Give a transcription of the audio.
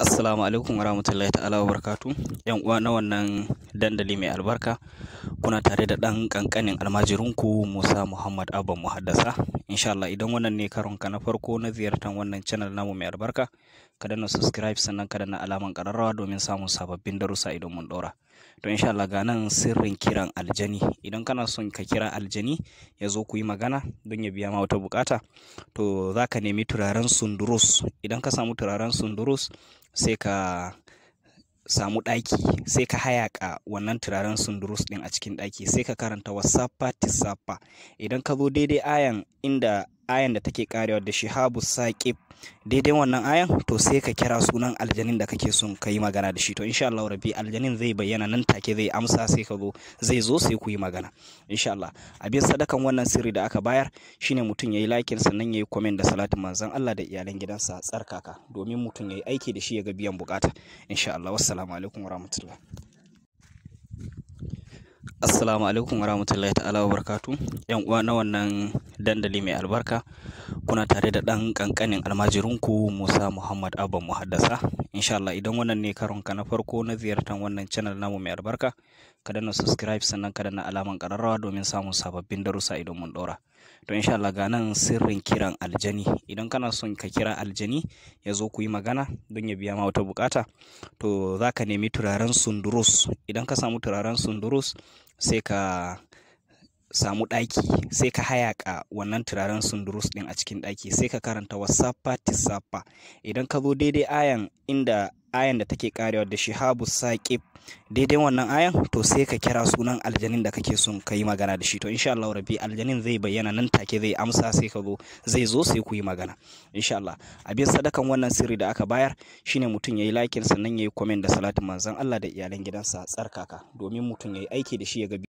Assalamu alaikum wa rahmatullahi ta'ala wa barkatu. Yan uwa na wannan dandali mai albarka. Kuna tare da ɗan ƙanƙanin almajirinku Musa Muhammad Abba Muhaddasa insha Allah idan wannan ne karon ka na farko na ziyartar wannan channel namu mai albarka ka danna subscribe sannan ka danna alaman kararrawa domin samun sababbin darussa idan mun daura to insha Allah ga nan sirrin kiran aljani idan kana son ka kira aljani ya zo ku yi magana don ya biya ma wata bukata to zaka nemi turaren sundurus idan ka samu turaren sundurus sai ka samu ɗaki sai ka hayaka wannan turaren sundurus ɗin a cikin ɗaki sai ka karanta wasaffa tisaffa idan ka zo daidai ayan inda ayan da take karewa da shihabu saqib daidai wannan ayan to sai ka kira sunan aljanin da kake son ka yi magana da shi to insha Allah rabbi aljanin zai bayyana nan take zai amsa sai ka zo zai zo sai ku yi magana insha Allah abin sadakan wannan sirri da aka bayar shine mutum yayi like sannan yayi comment da salatin manzon Allah da iyalan gidansa tsarkaka domin mutum yayi aiki da shi ya ga biyan bukata insha Allah wassalamu alaikum warahmatullahi Assalamu alaikum warahmatullahi ta'ala barkatu. Yan uwa na wannan dandali mai albarka. kuna tare da ɗan ƙanƙanin almajirinku Musa Muhammad Abba Muhaddasa. Insha Allah idan wannan ne karon ka na farko na ziyartar wannan channel namu mai albarka, ka danna subscribe sannan ka danna alaman ƙararrawa domin samun sababbin darussa idan mun ɗora. To insha Allah ga nan sirrin kiran aljani. Idan kana son ka kira aljani ya zo ku yi magana don ya biya ma wata buƙata, to za ka nemi turaren sundurus. Idan ka samu turaren sundurus sai ka samu ɗaki sai ka ka wannan turaren sundurus ɗin a cikin ɗaki sai ka karanta wasaffa tisaffa idan ka zo daidai ayan inda ayan da take karewa da shihabu saƙib daidai wannan ayan to sai ka kira sunan aljanin da kake son ka yi magana da shi to insha Allah rabbi aljanin zai bayyana nan take zai amsa sai ka zo zai zo sai ku yi magana insha Allah abin sadakan wannan sirri da aka bayar shine mutum yayi lakin sannan yayi comment da salatin manzon Allah da iyalan gidansa tsarkaka domin mutum yayi aiki da shi ya ga